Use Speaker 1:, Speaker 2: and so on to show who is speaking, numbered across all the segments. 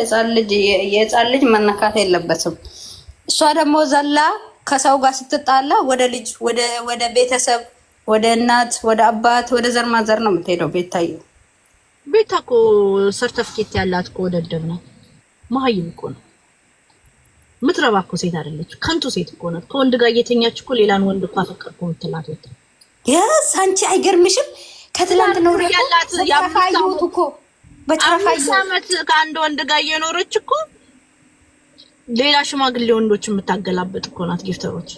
Speaker 1: የህፃን ልጅ መነካት የለበትም። እሷ ደግሞ ዘላ ከሰው ጋር ስትጣላ ወደ ልጅ ወደ ቤተሰብ ወደ እናት ወደ አባት ወደ ዘር ነው የምትሄደው። ቤታዬ ቤታ እኮ ሰርተፍኬት ያላት እኮ ደደብ ነው፣ መሀይም እኮ ነው። ምትረባ እኮ ሴት አይደለች፣ ከንቱ ሴት እኮ ናት። ከወንድ ጋር እየተኛች እኮ ሌላን ወንድ እኮ አፈቀርኩ ምትላት ወጣ። ያስ አንቺ አይገርምሽም? ከትላንት ነው ያላት ያፋዩት እኮ አምስት ዓመት ከአንድ ወንድ ጋር እየኖረች እኮ ሌላ ሽማግሌ ወንዶች የምታገላበጥ እኮ ናት። ጊፍተሮች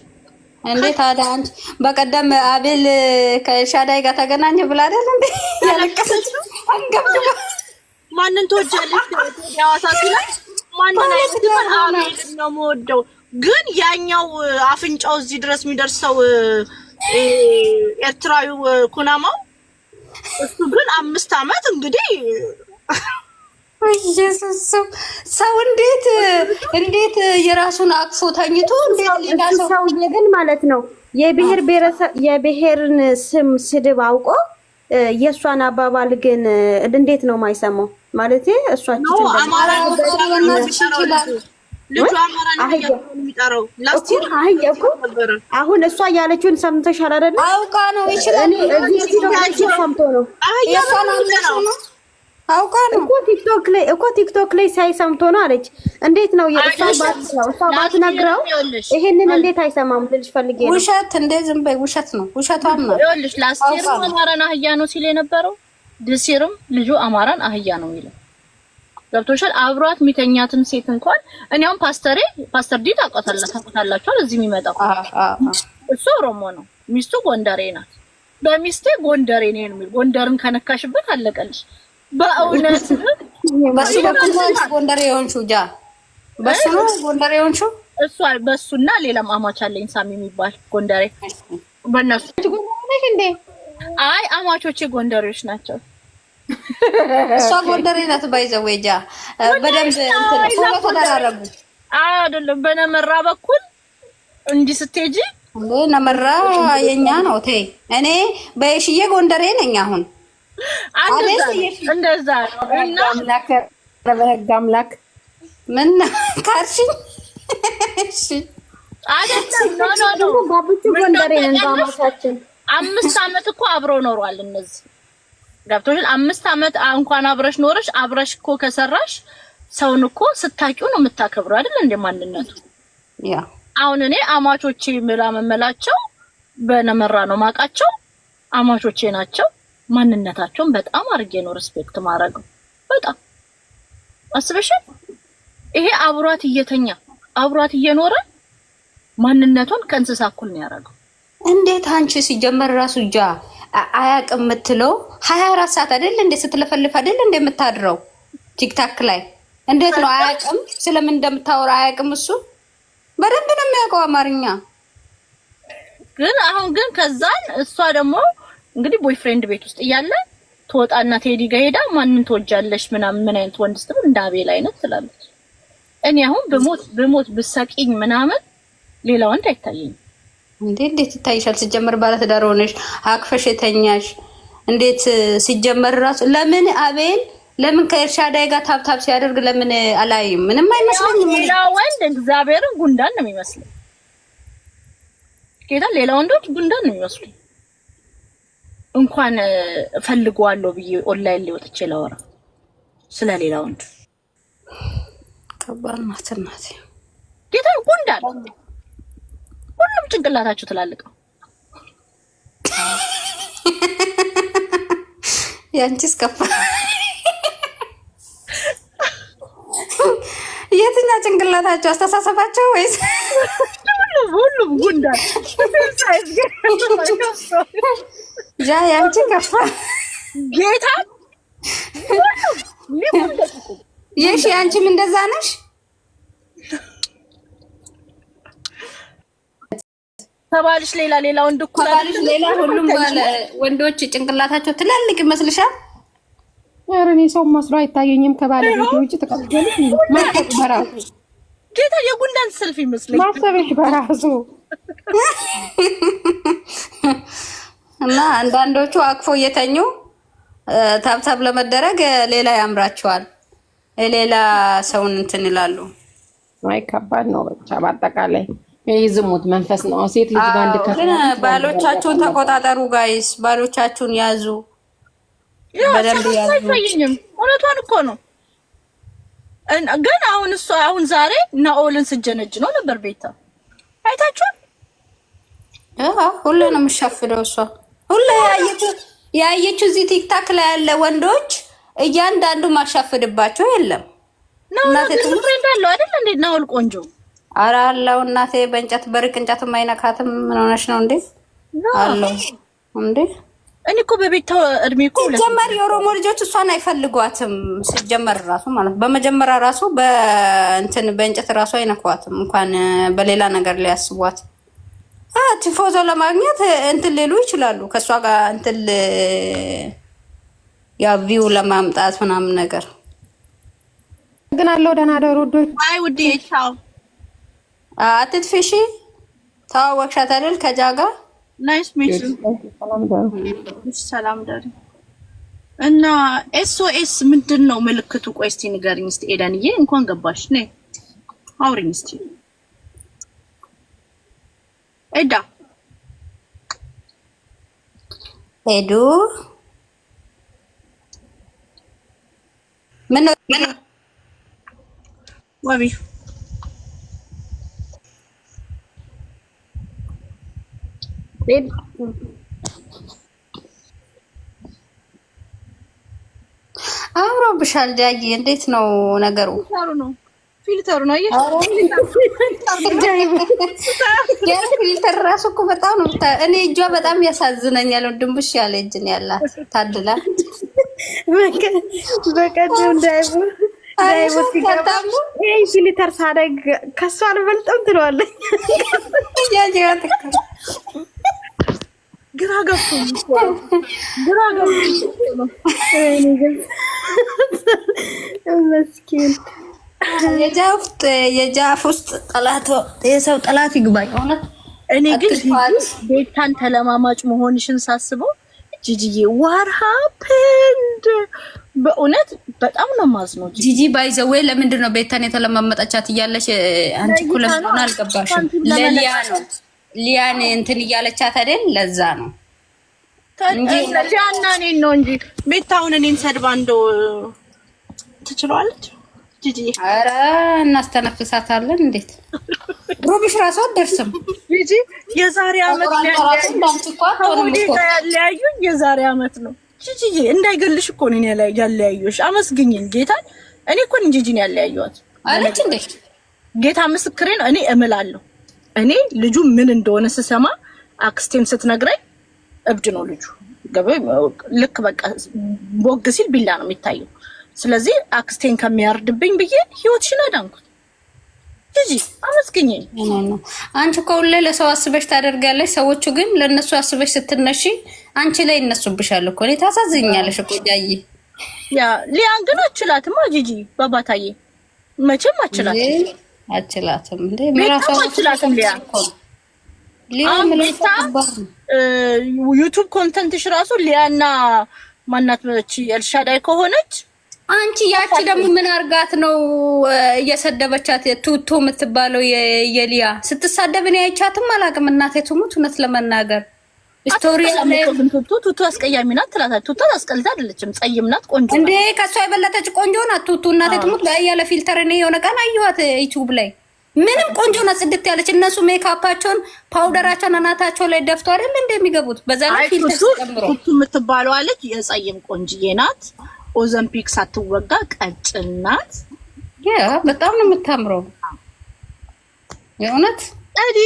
Speaker 1: እንዴት ታዲያ አንቺ በቀደም አቤል ከሻዳይ ጋር ተገናኘ ብላ አይደል እንዴ ያለቀሰች አንገብ ማንን ትወጃለሽ? ያዋሳ ሲላች ማንን አይነት አቤል ነው የምወደው። ግን ያኛው አፍንጫው እዚህ ድረስ የሚደርሰው ኤርትራዊ ኩናማው እሱ ግን አምስት ዓመት እንግዲህ ኢየሱስ ሰው እንዴት እንዴት የራሱን አቅፎ ተኝቶ እንዴት ሰውዬ ግን ማለት ነው የብሄር ብሄረሰብ የብሄርን ስም ስድብ አውቆ የእሷን አባባል ግን እንዴት ነው የማይሰማው? ማለት እሷቸው አሁን እሷ ያለችውን ሰምተሻል አይደለ? አውቃ ነው ይችላል። እዚህ ሰምቶ ነው አውቃ ነው እኮ ቲክቶክ ላይ እኮ ቲክቶክ ላይ ሳይ ሰምቶ ነው አለች። እንዴት ነው የእሷ ባትነው እሷ ባትነግረው ይሄንን እንዴት አይሰማም ልልሽ ፈልጌ ነው። ውሸት እንደ ዝም በይ ውሸት ነው ውሸቷም ነው። ይኸውልሽ ላስቴርም አማራን አህያ ነው ሲል የነበረው ድሲርም ልጁ አማራን አህያ ነው የሚለው ገብቶሻል። አብሯት የሚተኛትን ሴት እንኳን እኔውም ፓስተሬ ፓስተር ዲት ታውቃታላችኋል። እዚህ የሚመጣው እሱ ኦሮሞ ነው፣ ሚስቱ ጎንደሬ ናት። በሚስቴ ጎንደሬ ነው የሚል ጎንደርን ከነካሽበት አለቀልሽ። በእውነት በሱ በኩል ጎንደር ጃ በሱ ነው ጎንደር በሱና ሌላም አማች አለኝ ሳሚ የሚባል ጎንደሬ። በእነሱ አይ አማቾቼ ጎንደሬዎች ናቸው። እሷ ጎንደሬ ናት። በደንብ አይደለም በነመራ በኩል እንዲህ ስትሄጂ ነመራ የኛ ነው። እኔ በየሽዬ ጎንደሬ ነኝ አሁን እንደዛ በህግ አምላክ ምን ካልሽኝ አምስት አመት እኮ አብሮ ኖሯል። እነዚህ ገብቶሻል። አምስት አመት እንኳን አብረሽ ኖረሽ አብረሽ እኮ ከሰራሽ ሰውን እኮ ስታቂው ነው የምታከብሩ አይደል? እንደ ማንነቱ አሁን እኔ አማቾቼ ምላ መመላቸው በነመራ ነው ማቃቸው አማቾቼ ናቸው። ማንነታቸውን በጣም አድርጌ ነው ሪስፔክት ማድረገው። በጣም አስበሻል። ይሄ አብሯት እየተኛ አብሯት እየኖረ ማንነቱን ከእንስሳ እኩል ነው ያደረገው። እንዴት አንቺ ሲጀመር ራሱ እጃ አያውቅም የምትለው ሀያ አራት ሰዓት አይደል እንዴ ስትለፈልፍ አይደል እንደ የምታድረው ቲክታክ ላይ እንዴት ነው አያውቅም? ስለምን እንደምታወራ አያውቅም። እሱ በደንብ ነው የሚያውቀው አማርኛ። ግን አሁን ግን ከዛን እሷ ደግሞ እንግዲህ ቦይፍሬንድ ቤት ውስጥ እያለ ትወጣና ቴዲ ጋር ሄዳ ማንን ትወጃለሽ ምናምን ምን አይነት ወንድ ስትል እንደ አቤል አይነት ትላለች። እኔ አሁን ብሞት ብሞት ብሰቂኝ ምናምን ሌላ ወንድ አይታየኝም። እንዴ እንዴት ይታይሻል? ሲጀመር ባለትዳር ሆነሽ አቅፈሽ የተኛሽ እንዴት ሲጀመር ራሱ ለምን አቤል ለምን ከኤርሻዳይ ጋር ታብታብ ሲያደርግ ለምን አላይም? ምንም አይመስለኝም። ሌላ ወንድ እግዚአብሔርን ጉንዳን ነው የሚመስለኝ። ጌታ ሌላ ወንዶች ጉንዳን ነው የሚመስሉኝ። እንኳን እፈልገዋለሁ ብዬ ኦንላይን ላይ ወጥቼ ስለ ሌላ ወንድ ከባድ ናት እናቴ። ጌታ ጉንዳል ሁሉም ጭንቅላታችሁ ትላልቅ ነው። ያንቺስ ከፋ። የትኛው ጭንቅላታቸው አስተሳሰባቸው ወይስ ሁሉም ሁሉም ጉንዳል ያ ያንቺ ከፋ ጌታ ይሽ ያንቺም እንደዛ ነሽ። ከባልሽ ሌላ ሌላ ወንድ እኮ ከባልሽ ሌላ ሁሉም ወንዶች ጭንቅላታቸው ትላልቅ ይመስልሻል? ኧረ እኔ ሰው መስሎ አይታየኝም። ከባለቤት ውጭ ተቀበልሽ በራሱ ጌታ የጉንዳን ሰልፍ ይመስለኝ ማሰብሽ በራሱ እና አንዳንዶቹ አቅፎ እየተኙ ታብታብ ለመደረግ ሌላ ያምራቸዋል፣ ሌላ ሰውን እንትን ይላሉ። አይ ከባድ ነው። ብቻ በአጠቃላይ የዝሙት መንፈስ ነው። ሴት ልጅ ጋር ግን ባሎቻችሁን ተቆጣጠሩ ጋይስ፣ ባሎቻችሁን ያዙ፣ በደንብ እውነቷን እኮ ነው። ግን አሁን እሱ አሁን ዛሬ ናኦልን ስጀነጅ ነው ነበር ቤታ አይታችሁን? ሁሉንም ሸፍደው እሷ ሁላ ያየችው እዚህ ቲክታክ ላይ ያለ ወንዶች እያንዳንዱ ማሻፍድባቸው የለም። ናውል ቆንጆ አረ አለው እናቴ በእንጨት በርቅ እንጨት አይነካትም። ምን ሆነሽ ነው እንዴ? አለው እንዴ እኔ እኮ በቤታ እድሜ እኮ ሲጀመር የኦሮሞ ልጆች እሷን አይፈልጓትም። ሲጀመር ራሱ ማለት በመጀመሪያ ራሱ በእንትን በእንጨት ራሱ አይነኳትም። እንኳን በሌላ ነገር ሊያስቧት ፎቶ ለማግኘት እንትን ሌሉ ይችላሉ። ከእሷ ጋር እንትን ያ ቪው ለማምጣት ምናምን ነገር ግን አለው። ደህና ደሩ ውዶች። አይ ውድ ይቻው ተዋወቅሻት አይደል? ከጃ ጋር ናይስ ሚት ሰላም ደሩ እና ኤስኦኤስ ምንድን ነው ምልክቱ? ቆይ እስቲ ንገሪኝ እስቲ ኤደንዬ። እንኳን ገባሽ ነ አውሪኝ እስቲ ኤዳ ሄዱ ምን ወቢ አምሮብሻል ዳጊ፣ እንዴት ነው ነገሩ? ፊልተር ነው ፊልተር ራሱ እኮ በጣም ነው። እኔ እጇ በጣም ያሳዝነኛል። ድንቡሽ ያለ እጅ ነው ያላት። ታድላ በቀደም ዳይቦይ ፊልተር ሳደግ ከሱ አልበልጥም ትለዋለች። ግራ ገብቶ ግራ ገብቶ መስኪን የጃፍ የጃፍ ውስጥ ጠላት የሰው ጠላት ይግባኝ። እውነት እኔ ግን ቤታን ተለማማጭ መሆንሽን ሳስበው ጂጂዬ ዋር ሃፕንድ በእውነት በጣም ነው የማዝነው። ጂጂ ባይዘዌ ለምንድን ነው ቤታን የተለማመጠቻት እያለሽ አንቺ እኮ ለስሆነ አልገባሽም። ለሊያ ነው ሊያን እንትን እያለቻት አይደል? ለዛ ነው ሊያና እኔን ነው እንጂ ቤታውን እኔን ሰድባ እንደው ትችላለች ጂጂ ኧረ እናስተነፍሳታለን። እንዴት ሩቢሽ ራሱ አትደርስም። ጂጂ የዛሬ አመት ያለያዩኝ የዛሬ አመት ነው። ጂጂ እንዳይገልሽ እኮ ነው ያለያዩሽ። አመስግኝን ጌታ። እኔ እኮ ነኝ ጂጂን ያለያዩዋት አለች እንዴ። ጌታ ምስክሬን እኔ እምላለሁ። እኔ ልጁ ምን እንደሆነ ስሰማ አክስቴም ስትነግረኝ እብድ ነው ልጁ ገበ ልክ በቃ ቦግ ሲል ቢላ ነው የሚታየው ስለዚህ አክስቴን ከሚያርድብኝ ብዬ ህይወትሽን አዳንኩት። ጂጂ አመስግኝ። አንቺ እኮ ሁሌ ለሰው አስበሽ ታደርጋለሽ። ሰዎቹ ግን ለእነሱ አስበሽ ስትነሺ አንቺ ላይ እነሱብሻል እኮ እኔ ታሳዝኛለሽ እኮ ጃዬ። ያ ሊያን ግን አችላትማ ጂጂ በባታዬ መቼም አችላትም አችላትም አችላትም ሊያ ዩቱብ ኮንተንትሽ ራሱ ሊያና ማናት መቺ ኤልሻዳይ ከሆነች አንቺ ያቺ ደግሞ ምን አርጋት ነው እየሰደበቻት? ቱቶ የምትባለው የሊያ ስትሳደብ እኔ አይቻትም አላውቅም። እናቴ ትሙት እውነት ለመናገር ስቶሪ ቱቱ አስቀያሚ ናት ትላታለች። ቱቱ አስቀልታ አይደለችም፣ ጸይም ናት፣ ቆንጆ እንዴ ከእሷ የበለጠች ቆንጆ ናት ቱቱ። እናቴ ትሙት ያለ ፊልተር እኔ የሆነ ቀን አየኋት ዩቱብ ላይ ምንም ቆንጆ ናት፣ ጽድት ያለች። እነሱ ሜካፓቸውን ፓውደራቸውን አናታቸው ላይ ደፍቶ አይደል እንደሚገቡት በዛ ላይ ፊልተር ጨምሮ ቱቱ የምትባለው አለች። የጸይም ቆንጅዬ ናት ኦዘምፒክ ሳትወጋ ቀጭን ናት። በጣም ነው የምታምረው የእውነት ዲ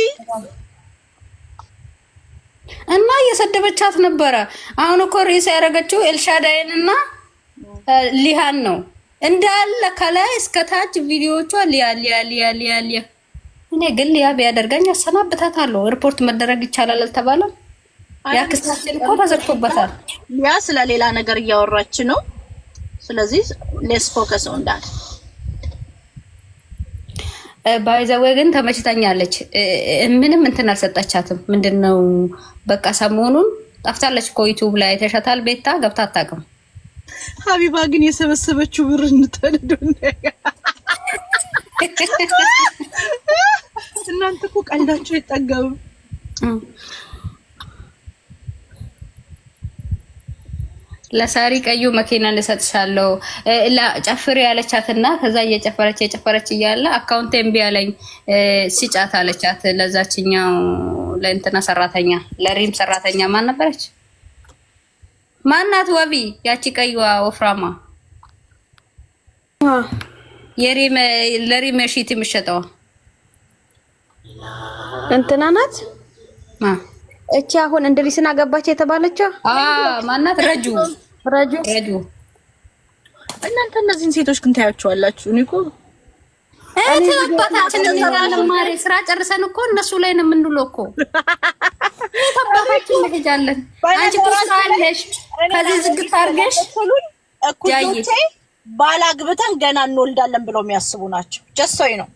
Speaker 1: እና እየሰደበቻት ነበረ። አሁን እኮ ሬሳ ያደረገችው ኤልሻዳይን እና ሊሃን ነው እንዳለ ከላይ እስከታች ቪዲዮቿ ሊያ ሊያ ሊያ ሊያ ሊያ። እኔ ግን ሊያ ቢያደርገኝ አሰናብታታለሁ። ሪፖርት መደረግ ይቻላል አልተባለም። ያክስታችን እኮ ተዘግቶበታል። ሊያ ስለሌላ ነገር እያወራች ነው ስለዚህ ሌስ ፎከስ ኦን ዳት ባይዘዌ ግን ተመችታኛለች። uh, uh, ምንም እንትን አልሰጠቻትም። ምንድን ነው በቃ ሰሞኑን ጠፍታለች እኮ ዩቱብ ላይ ተሸታል። ቤታ ገብታ አታውቅም። ሀቢባ ግን የሰበሰበችው ብር እንተንዱ እናንተ እኮ ቀልዳቸው አይጠገብም። ለሳሪ ቀዩ መኪና እንሰጥሻለሁ ጨፍር ያለቻትና ከዛ እየጨፈረች እየጨፈረች እያለ አካውንት እምቢ አለኝ ሲጫት አለቻት። ለዛችኛው ለእንትና ሰራተኛ ለሪም ሰራተኛ ማን ነበረች? ማናት? ወቢ ያቺ ቀይዋ ወፍራማ የሪም ለሪም ሺት የምትሸጠዋ እንትና ናት። እቺ አሁን እንድሪስን አገባች የተባለችው ማናት? ረጁ ረጁ ረጁ። እናንተ እነዚህን ሴቶች ግን ታያቸዋላችሁ። እኔ እኮ ስራ ጨርሰን እኮ እነሱ ላይ ነው የምንውለው እኮ ተባታችን እንሄጃለን። አንቺ ከዚህ ዝግት አድርገሽ እኩሎቼ ባላግብተን ገና እንወልዳለን ብለው የሚያስቡ ናቸው። ጀሶይ ነው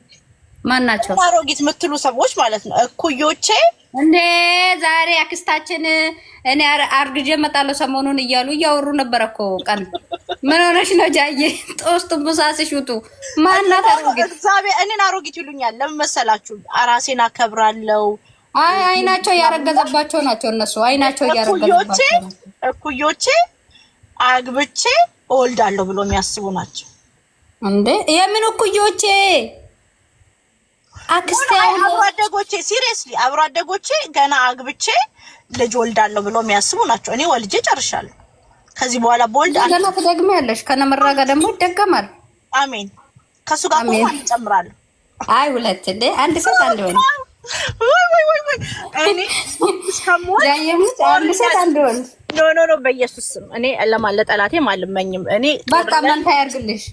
Speaker 1: ማን ናቸው? አሮጊት የምትሉ ሰዎች ማለት ነው እኩዮቼ። እንዴ ዛሬ አክስታችን እኔ አርግዤ እመጣለሁ ሰሞኑን እያሉ እያወሩ ነበረ እኮ ቀን። ምን ሆነሽ ነው ጃዬ? ጦስ ጥንቡሳስሽ ውጡ። ማናት አሮጊት? እግዚአብሔር እኔን አሮጊት ይሉኛል። ለምን መሰላችሁ? ራሴን አከብራለሁ። አይ አይናቸው እያረገዘባቸው ናቸው እነሱ። አይናቸው እያረገዘባቸው እኩዮቼ አግብቼ እወልዳለሁ ብሎ የሚያስቡ ናቸው። እንዴ የምን እኩዮቼ አክስቴ አብሮ አደጎቼ ሲሪየስሊ አብሮ አደጎቼ ገና አግብቼ ልጅ ወልዳለሁ ብሎ የሚያስቡ ናቸው። እኔ ወልጄ ጨርሻለሁ። ከዚህ በኋላ ቦልድ ገና ተደግመ ያለሽ ከነመራ ጋር ደግሞ ይደገማል። አሜን። ከሱ ጋር ቆማ ይጨምራሉ። አይ ሁለት እንዴ አንድ ሴት አንድ ወንድ ወይ ወይ ወይ ወይ እኔ ስሞት ያየሙት አንድ ሴት አንድ ወንድ ኖ ኖ ኖ በኢየሱስ ስም እኔ ለማለ ለጠላቴም አልመኝም። እኔ በቃ መንታ ያርግልሽ፣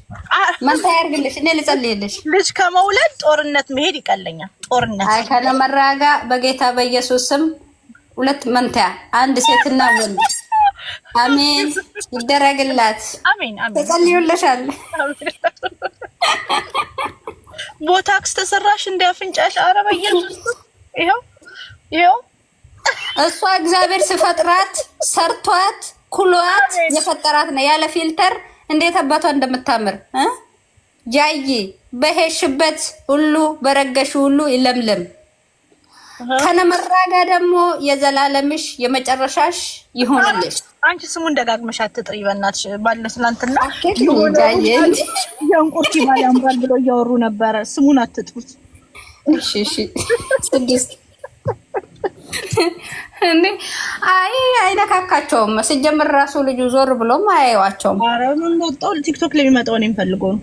Speaker 1: መንታ ያርግልሽ። እኔ ልጸልይልሽ። ልጅ ከመውለድ ጦርነት መሄድ ይቀለኛል። ጦርነት አይ፣ ከለመራጋ በጌታ በኢየሱስ ስም ሁለት መንታያ አንድ ሴትና ወንድ። አሜን ይደረግላት። አሜን አሜን። ተጸልዩልሻል። ቦታክስ ተሰራሽ እንደ አፍንጫሽ። ኧረ በኢየሱስ ይኸው ይኸው እሷ እግዚአብሔር ስፈጥራት ሰርቷት ኩሏት የፈጠራት ነው። ያለ ፊልተር እንዴት አባቷ እንደምታምር ጃይ በሄሽበት ሁሉ በረገሽ ሁሉ ይለምልም። ከነመራ ጋር ደግሞ የዘላለምሽ የመጨረሻሽ ይሆንልሽ። አንቺ ስሙን ደጋግመሽ አትጥሪ በእናትሽ። ባለ ትናንትና የእንቁርቲ ባል ብሎ እያወሩ ነበረ። ስሙን አትጥሩት። ስድስት እንዴ አይ አይነካካቸውም። ስጀምር ራሱ ልጁ ዞር ብሎም አያየዋቸውም። አረምወጣው ቲክቶክ ላይ የሚመጣው ነው የሚፈልገው ነው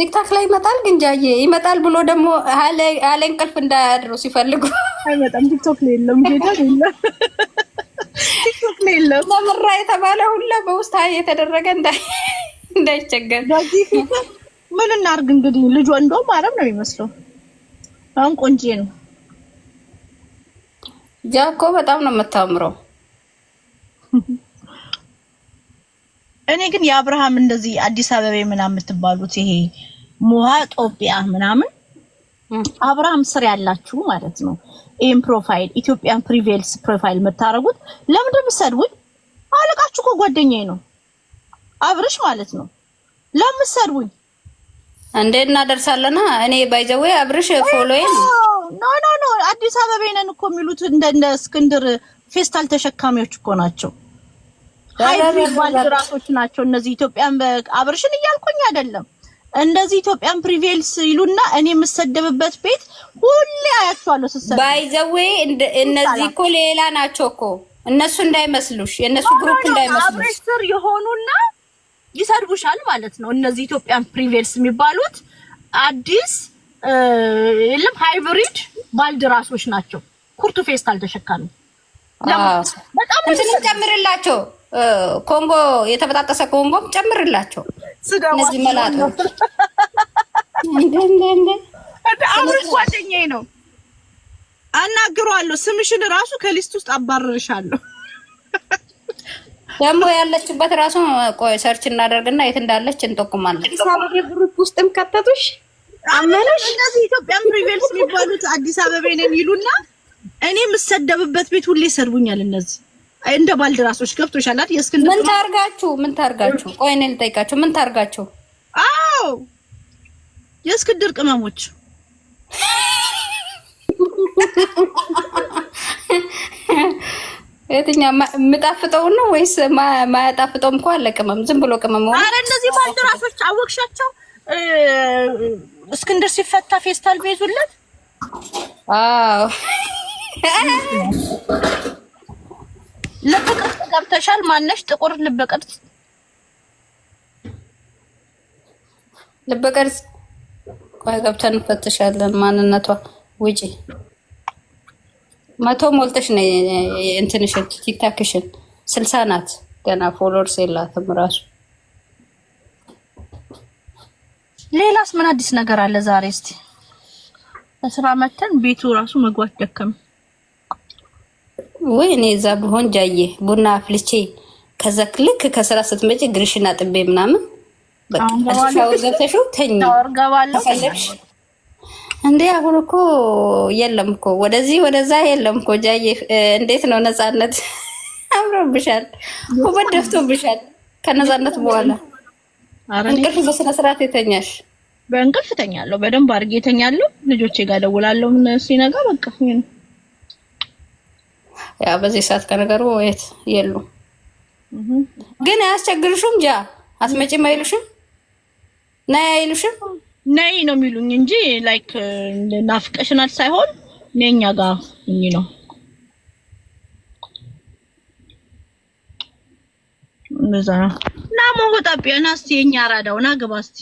Speaker 1: ቲክታክ ላይ ይመጣል። ግን ጃዬ ይመጣል ብሎ ደግሞ አለ እንቅልፍ እንዳያድሩ ሲፈልጉ አይመጣም። ቲክቶክ ላይ የለም፣ ጌታ የለም፣ ቲክቶክ ላይ የለም። ለምራ የተባለ ሁላ በውስጥ ሀይ የተደረገ እንዳይቸገር ምን እናርግ እንግዲህ ልጇ እንደውም አረም ነው የሚመስለው አሁን ቆንጆ ነው። ጃኮ በጣም ነው የምታምረው። እኔ ግን የአብርሃም እንደዚህ አዲስ አበባ ምናምን የምትባሉት ይሄ ሙሃ ጦቢያ ምናምን አብርሃም ስር ያላችሁ ማለት ነው። ይህም ፕሮፋይል ኢትዮጵያን ፕሪቬልስ ፕሮፋይል የምታደርጉት ለምን እንደምትሰድቡኝ? አለቃችሁ እኮ ጓደኛዬ ነው አብርሽ ማለት ነው። ለምን እንዴ እናደርሳለና እኔ ባይዘዌ አብርሽ ፎሎዬ ኖ ኖ ኖ አዲስ አበባ ነን እኮ የሚሉት እንደ እንደ እስክንድር ፌስታል ተሸካሚዎች እኮ ናቸው። ሃይብሪድ ባንዲራቶች ናቸው እነዚህ። ኢትዮጵያን አብርሽን እያልኩኝ አይደለም። እንደዚህ ኢትዮጵያን ፕሪቬልስ ይሉና እኔ የምሰደብበት ቤት ሁሌ አያቸዋለሁ። ስሰ ባይዘዌ እነዚህ እኮ ሌላ ናቸው እኮ እነሱ እንዳይመስሉሽ፣ የእነሱ ግሩፕ እንዳይመስሉሽ አብርሽ ስር የሆኑና ይሰድቡሻል ማለት ነው። እነዚህ ኢትዮጵያን ፕሪቬልስ የሚባሉት አዲስ የለም ሃይብሪድ ባልደራሶች ናቸው። ኩርቱ ፌስታል ተሸካሚ በጣም ጨምርላቸው። ኮንጎ የተበጣጠሰ ኮንጎም ጨምርላቸው። እነዚህ መላጦ አምርት ጓደኛዬ ነው። አናግሯለሁ። ስምሽን ራሱ ከሊስት ውስጥ አባረርሻለሁ። ደግሞ ያለችበት ራሱ ቆይ ሰርች እናደርግና የት እንዳለች እንጠቁማለን። አዲስ አበባ ግሩፕ ውስጥም ከተቱሽ እነዚህ ኢትዮጵያን ፕሪቬልስ የሚባሉት አዲስ አበባ ነን ይሉና እኔ የምሰደብበት ቤት ሁሌ ይሰድቡኛል። እነዚህ እንደ ባልደራሶች ገብቶሻላት። የእስክንድር ምን ታርጋችሁ ምን ታርጋችሁ? ቆይ እኔ ልጠይቃችሁ ምን ታርጋችሁ? አዎ የእስክንድር ቅመሞች የትኛው የምጣፍጠውን ነው ወይስ ማያጣፍጠው? እኮ አለ ቅመም፣ ዝም ብሎ ቅመም። አረ እነዚህ ባልደራሶች አወቅሻቸው? እስክንድር ሲፈታ ፌስታል ቤዙለት? አዎ ልብ ቅርጽ ገብተሻል። ማነሽ? ጥቁር ልብ ቅርጽ ልብ ቅርጽ። ቆይ ገብተን እንፈትሻለን ማንነቷ። ውጪ መቶ ሞልተሽ ነ እንትንሽን ቲክታክሽን ስልሳ ናት ገና ፎሎርስ የላትም ራሱ። ሌላስ ምን አዲስ ነገር አለ ዛሬ? እስቲ በስራ መተን ቤቱ ራሱ መግባት ደከም ወይ? እኔ እዛ ብሆን ጃዬ ቡና አፍልቼ ከዛ ልክ ከስራ ስትመጪ ግርሽና ጥቤ ምናምን በቃ ሻወር ገብተሽው ተኝ እንዴ አሁን እኮ የለም እኮ ወደዚህ ወደዛ የለም እኮ ጃዬ። እንዴት ነው ነፃነት? አምሮብሻል፣ ውበት ደፍቶብሻል። ከነፃነት በኋላ እንቅልፍ በስነ ስርዓት የተኛሽ? በእንቅልፍ ተኛለሁ፣ በደንብ አድርጌ የተኛለሁ። ልጆቼ ጋር እደውላለሁ ሲነጋ። በቃ ያ በዚህ ሰዓት ከነገሩ የት የሉ። ግን አያስቸግርሽም? ጃ አትመጪም አይሉሽም? ነይ አይሉሽም? ነይ ነው የሚሉኝ እንጂ ላይክ ናፍቀሽናል ሳይሆን ነኛ ጋር እኚ ነው እንደዛ ና ሞሆ ጣቢያ ና እስቲ የኛ አራዳው ና ግባ እስቲ።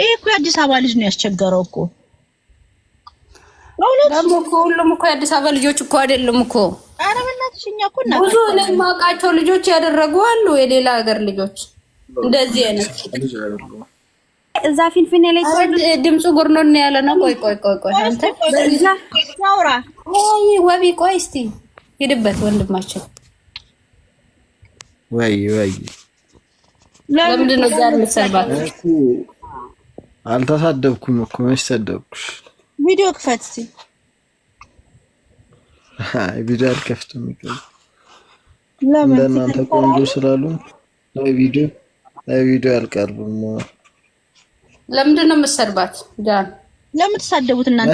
Speaker 1: ይሄ እኮ የአዲስ አበባ ልጅ ነው ያስቸገረው እኮ ደግሞ እኮ ሁሉም እኮ የአዲስ አበባ ልጆች እኮ አይደለም እኮ። ኧረ በእናትሽ እኛ እኮ እና ብዙ እኔ የማውቃቸው ልጆች ያደረጉ አሉ የሌላ ሀገር ልጆች እንደዚህ አይነት እዛ ፊንፊኔ ላይ ድምፁ ጉርኖን ያለ ነው። ቆይ ቆይ ቆይ ቆይ አንተ ወይ ወቢ ቆይ እስቲ ሂድበት ወንድማችን። ወይ ወይ ለምንድን ነው ዛሬ የምትሰድባት? አልተሳደብኩም እኮ መች ሰደብኩሽ? ቪዲዮ ክፈት እስቲ። አይ ቪዲዮ አልከፍትም። ለምን እንደናንተ ቆንጆ ስላሉ ለቪዲዮ ለቪዲዮ አልቀርብም ለምንድን ነው የምትሰድባት? ዳን ለምን ተሳደቡት እናንተ?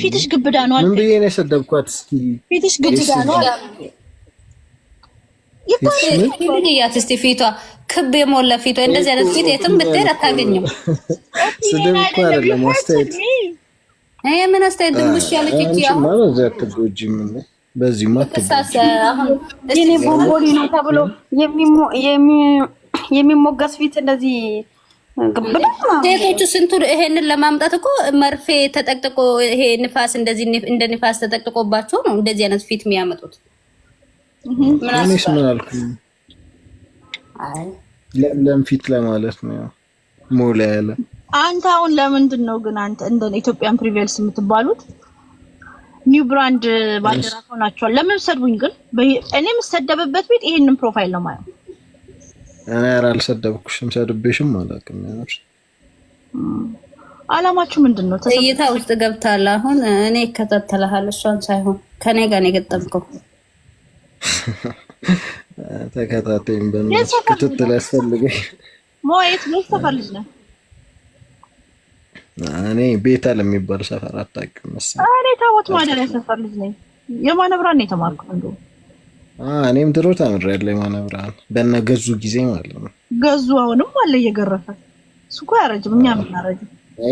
Speaker 1: ፊትሽ ግብዳ ነው። ምን ብዬ ነው የሰደብኳት? እስኪ ፊትሽ ግብዳ ነው ይባልያት እስቲ ፊቷ ክብ የሞላ ፊቷ፣ እንደዚህ አይነት ፊት የትም ብትሄድ አታገኝም። ስድብ እኮ አይደለም አስተያየት። ይሄ ምን አስተያየት? ድንቡሽ ያለች እቺ አሁን በዚህ አትጎጂም በዚህ ማትሳሳ አሁን እኔ ቦምቦሊ ነው ተብሎ የሚሞገስ ፊት እንደዚህ ሴቶቹ ስንቱ ይሄንን ለማምጣት እኮ መርፌ ተጠቅጥቆ ይሄ ንፋስ እንደዚህ እንደ ንፋስ ተጠቅጥቆባቸው ነው እንደዚህ አይነት ፊት የሚያመጡት። ምናሽ ምን አልኩ? ለምለም ፊት ለማለት ነው ሞላ ያለ። አንተ አሁን ለምንድን ነው ግን አንተ እንደ ኢትዮጵያን ፕሪቬልስ የምትባሉት ኒው ብራንድ ባልደራስ ሆናችኋል። ለምን ሰድቡኝ ግን? እኔ የምሰደብበት ቤት ይሄንን ፕሮፋይል ነው ማለት እኔ ኧረ አልሰደብኩሽም፣ ሰድቤሽም አላውቅም። ያኖች አላማችሁ ምንድን ነው? እይታ ውስጥ ገብታል። አሁን እኔ ይከታተልሃል፣ እሷን ሳይሆን ከኔ ጋር ነው የገጠምከው። ተከታተይም፣ በእናትሽ ክትትል ያስፈልገኝ። ሞየት ነው ተፈልጅ ነው እኔ ቤተል የሚባል ሰፈር አታውቂውም መሰለኝ። እኔ ታቦት ማደሪያ ሰፈር ልጅ ነኝ። የማነብራን ነው የተማርኩት እንደውም እኔም ድሮ ታምሬያለሁ። የማነ ብርሃን በነ ገዙ ጊዜ ማለት ነው። ገዙ አሁንም አለ እየገረፈ እሱ እኮ አያረጅም። እኛ ምናረጅ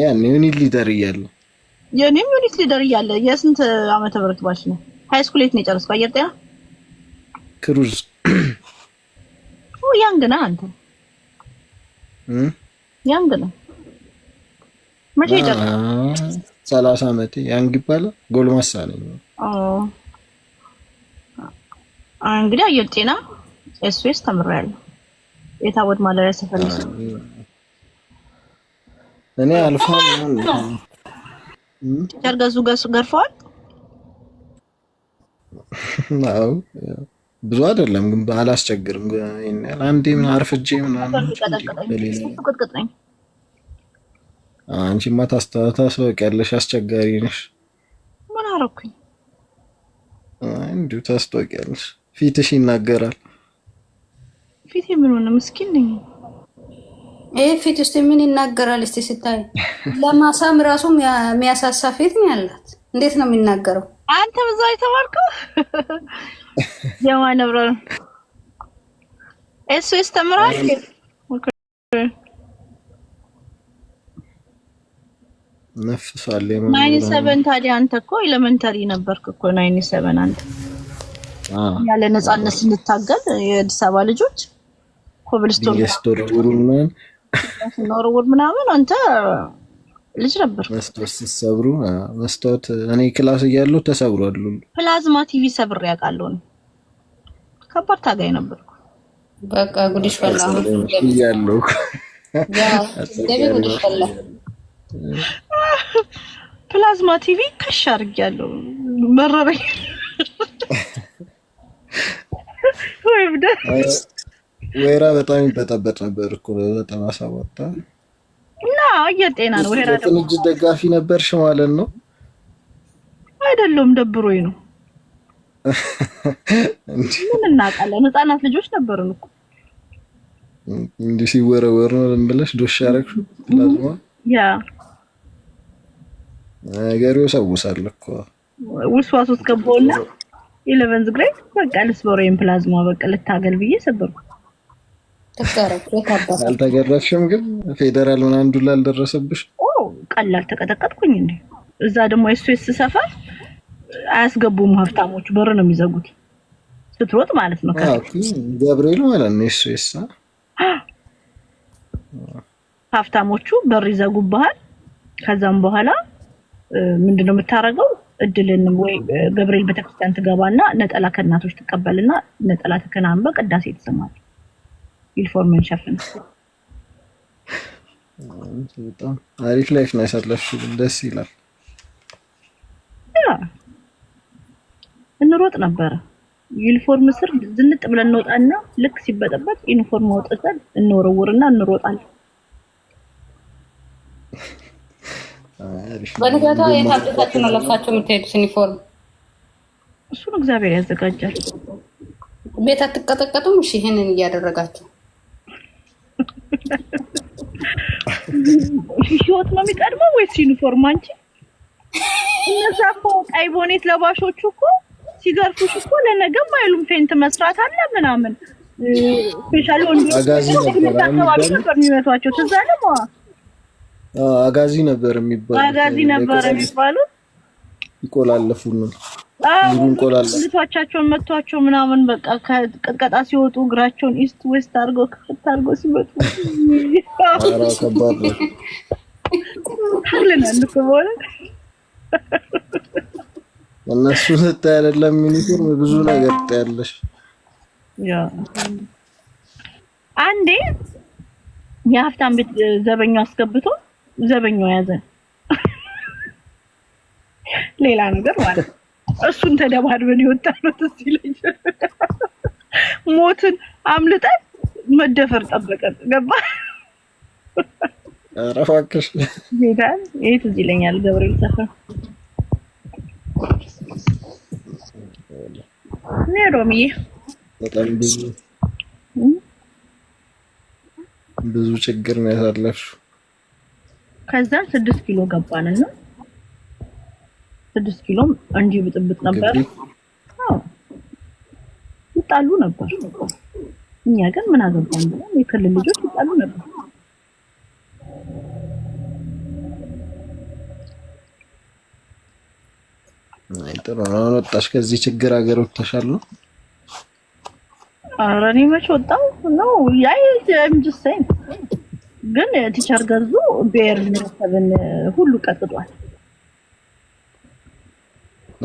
Speaker 1: ያን ዩኒት ሊደር እያለ የእኔም ዩኒት ሊደር እያለ የስንት ዓመተ ምህረት ባች ነው? ሀይ ስኩል የት ነው የጨረስከው? አየር ጤና ክሩዝ ያን ነህ አንተ። ያን ነህ መቼ የጨረስከው? ሰላሳ ዓመቴ ያንግ ይባላል። ጎልማሳ ነኝ። እንግዲህ አየሁት ጤና ኤስፔስ ተምሬያለሁ። የታወድ ማለሪያ ሰፈር እኔ አልፎ ቲቸር ገዙ ገሱ ገርፈዋል። አዎ ብዙ አይደለም ግን አላስቸግርም። አንዴ ምን አርፍጄ ምናምን ቅጥቅጥ ነኝ። አንቺማ ታስታውቂያለሽ፣ አስቸጋሪ ነሽ። ምን አረኩኝ? እንዲሁ ታስታውቂያለሽ ፊትሽ ይናገራል። ፊት ምን ሆነ? ምስኪን ነኝ። ይህ ፊት ውስጥ ምን ይናገራል? እስቲ ስታይ። ለማሳም ራሱ የሚያሳሳ ፊት ነው ያላት። እንዴት ነው የሚናገረው? አንተ ብዙ የተባልከው የማን ብረ እሱ ይስተምራል። ነፍሳለ ናይኒ ሰቨን ታዲያ አንተ እኮ ኤሌመንተሪ ነበርክ እኮ ናይኒ ሰቨን አንተ ያለ ነፃነት ስንታገል የአዲስ አበባ ልጆች ኮብልስቶን ኖርውድ ምናምን አንተ ልጅ ነበር። መስታወት ሲሰብሩ መስታወት እኔ ክላስ እያለሁ ተሰብሯል። ፕላዝማ ቲቪ ሰብር ያውቃለሁ። ከባድ ታጋይ ነበርኩ። በቃ ጉድሽ ፈላ እያለሁ ፕላዝማ ቲቪ ከሽ አድርጌያለሁ። መረረኝ ወይራ በጣም ይበጠበጥ ነበር እኮ በጣም አሳወጣ እና እየጤና ነው። ወይራ ደግሞ እጅ ደጋፊ ነበርሽ ማለት ነው። አይደለም ደብሮኝ ነው። ምን እናውቃለን? ህጻናት ልጆች ነበርን እኮ እንዲህ ሲወረወር ነው ብለሽ ዶሽ ያደረግሽው ፕላዝማ ያ ነገር ሰውሳል እኮ ውስዋስ ውስጥ ገባውና ኢለቨንዝ ግሬድ በቃ ልስበሮ ፕላዝማ በቃ ልታገል ብዬ ሰበርኩ። አልተገረፍሽም ግን ፌደራል ሆነ አንዱ ላይ አልደረሰብሽ? ቀላል ተቀጠቀጥኩኝ እንዴ! እዛ ደግሞ የስዊስ ሰፈር አያስገቡም ሀብታሞች፣ በር ነው የሚዘጉት። ስትሮጥ ማለት ነው ገብርኤል ማለት ነው የስዊስ ሀብታሞቹ በር ይዘጉብሃል። ከዛም በኋላ ምንድነው የምታደርገው? እድልን ወይ ገብርኤል ቤተክርስቲያን ትገባና ነጠላ ከእናቶች ትቀበልና ነጠላ ተከናንበ ቅዳሴ ትሰማል። ዩኒፎርምን ሸፍን በጣም አሪፍ ላይፍ ነው ያሳለፍሽው። ደስ ይላል። እንሮጥ ነበረ ዩኒፎርም ስር ዝንጥ ብለን እንወጣና ልክ ሲበጠበጥ ዩኒፎርም አውጥተን እንወረውርና እንሮጣለን። በንጋታ የት አብደታችሁ ነው ለብሳችሁ የምትሄዱት ዩኒፎርም? እሱን እግዚአብሔር ያዘጋጃል። ቤት አትቀጠቀጡም? እሺ፣ ይህንን እያደረጋችሁ ህይወት ነው የሚቀድመው ወይስ ዩኒፎርም? አንቺ እነዛ እኮ ቀይ ቦኔት ለባሾቹ እኮ ሲገርፉሽ እኮ ለነገም አይሉም ፌንት መስራት አለ ምናምን ስፔሻል ወንዶች አካባቢ ነበር የሚመቷቸው። ትዝ አለ አጋዚ ነበር የሚባለው አጋዚ ነበር የሚባለው ይቆላለፉ ነው ልጆቻቸውን መቷቸው ምናምን በቃ ከቅጥቀጣ ሲወጡ እግራቸውን ኢስት ዌስት አድርገው ክፍት አድርገው ሲመጡ እነሱ ስታይ አይደለም ሚኒስትር ብዙ ነገር ታያለሽ። አንዴ የሀብታም ቤት ዘበኛው አስገብቶ ዘበኛው ያዘን። ሌላ ነገር ማለት እሱን ተደባድበን ነው እዚህ ልጅ ሞትን አምልጠን መደፈር ጠበቀን። ገባ ኧረ እባክሽ ሄዳል። ይሄ ትዝ ይለኛል ገብርኤል ሰፈር ሮምዬ በጣም ብዙ ብዙ ችግር ነው ያሳለፍሽው። ከዛ ስድስት ኪሎ ገባንና ስድስት ኪሎም እንዲህ ብጥብጥ ነበር። ይጣሉ ነበር። እኛ ግን ምን አገባን ብለን የክልል ልጆች ይጣሉ ነበር። አይ ጥሩ ነው። ወጣሽ ከዚህ ችግር ሀገር ወጥተሻል ነው? ኧረ እኔ መች ወጣሁ ነው ያይ ጀምጅ ግን ቲቸር ገዙ ብሔር ብሔረሰብን ሁሉ ቀጥጧል።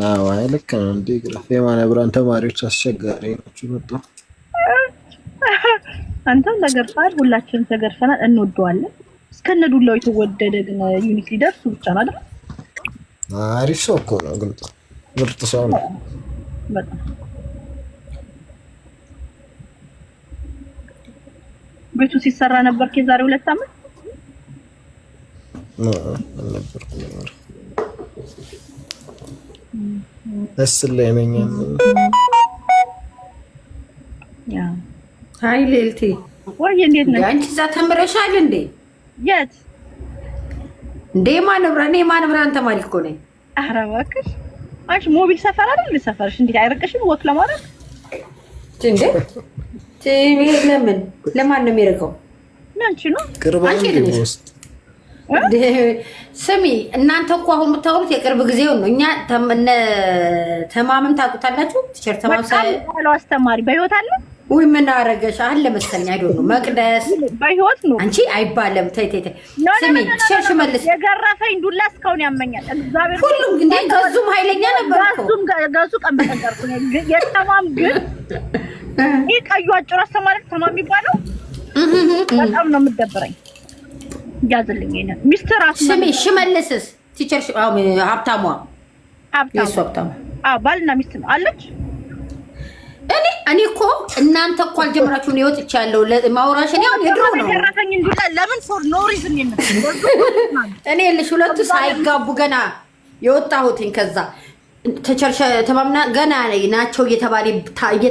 Speaker 1: አዎ ልክ ነው። እንደ የማነ ብርሃን ተማሪዎች አስቸጋሪ ናቸው። መጣ አንተም ተገርፋል፣ ሁላችንም ተገርፈናል። እንወደዋለን እስከነ ዱላው የተወደደ ግን ዩኒክ ሊደር እሱ ብቻ ነው አይደል? አሪፍ ሰው እኮ ነው፣ ግን ምርጥ ሰው ነው በጣም ቤቱ ሲሰራ ነበር የዛሬ ሁለት አመት ደስ ላይ ወይ እንዴት አንቺ? እንዴ? የት እንዴ? ማንብራ ማንብራን ሞቢል ሰፈር አይደል ሰፈርሽ? እንዴት አይርቅሽም ወክ ለማድረግ እንዴ? ለምን ለማን ነው የሚርቀው? ስሚ እናንተ እኮ አሁን የምታወሩት የቅርብ ጊዜውን ነው። እኛ ተማምም ታውቁታላችሁ። ቲቸር ተማምሳለ አስተማሪ በህይወት አለ ወይ? ምን አረገሽ? አለ መሰለኝ። አይዶ ነው መቅደስ በህይወት ነው። አንቺ አይባለም። ተይ ተይ ተይ። ስሚ ቲቸር ሽመልስ የገረፈኝ ዱላ እስካሁን ያመኛል። እግዚአብሔር ሁሉም እንዴ ገዙም ኃይለኛ ነበር እኮ ገዙ ቀን በተገርኩ የተማም ግን ይህ ቀዩ አጭር አስተማሪ ተማ የሚባለው በጣም ነው ያዝልኝ ሚስትር ስሜ ሽመልስስ ቲቸር ሀብታሟ ባልና ሚስት ነው አለች። እኔ እኔ እኮ እናንተ እኮ ያለው ማውራሽ ነው የድሮ ነው። ለምን ፎር ኖ ሪዝን እኔ ሁለቱ ሳይጋቡ ገና የወጣሁትኝ ከዛ ተቸርሸ ተማምና ገና ናቸው እየተባለ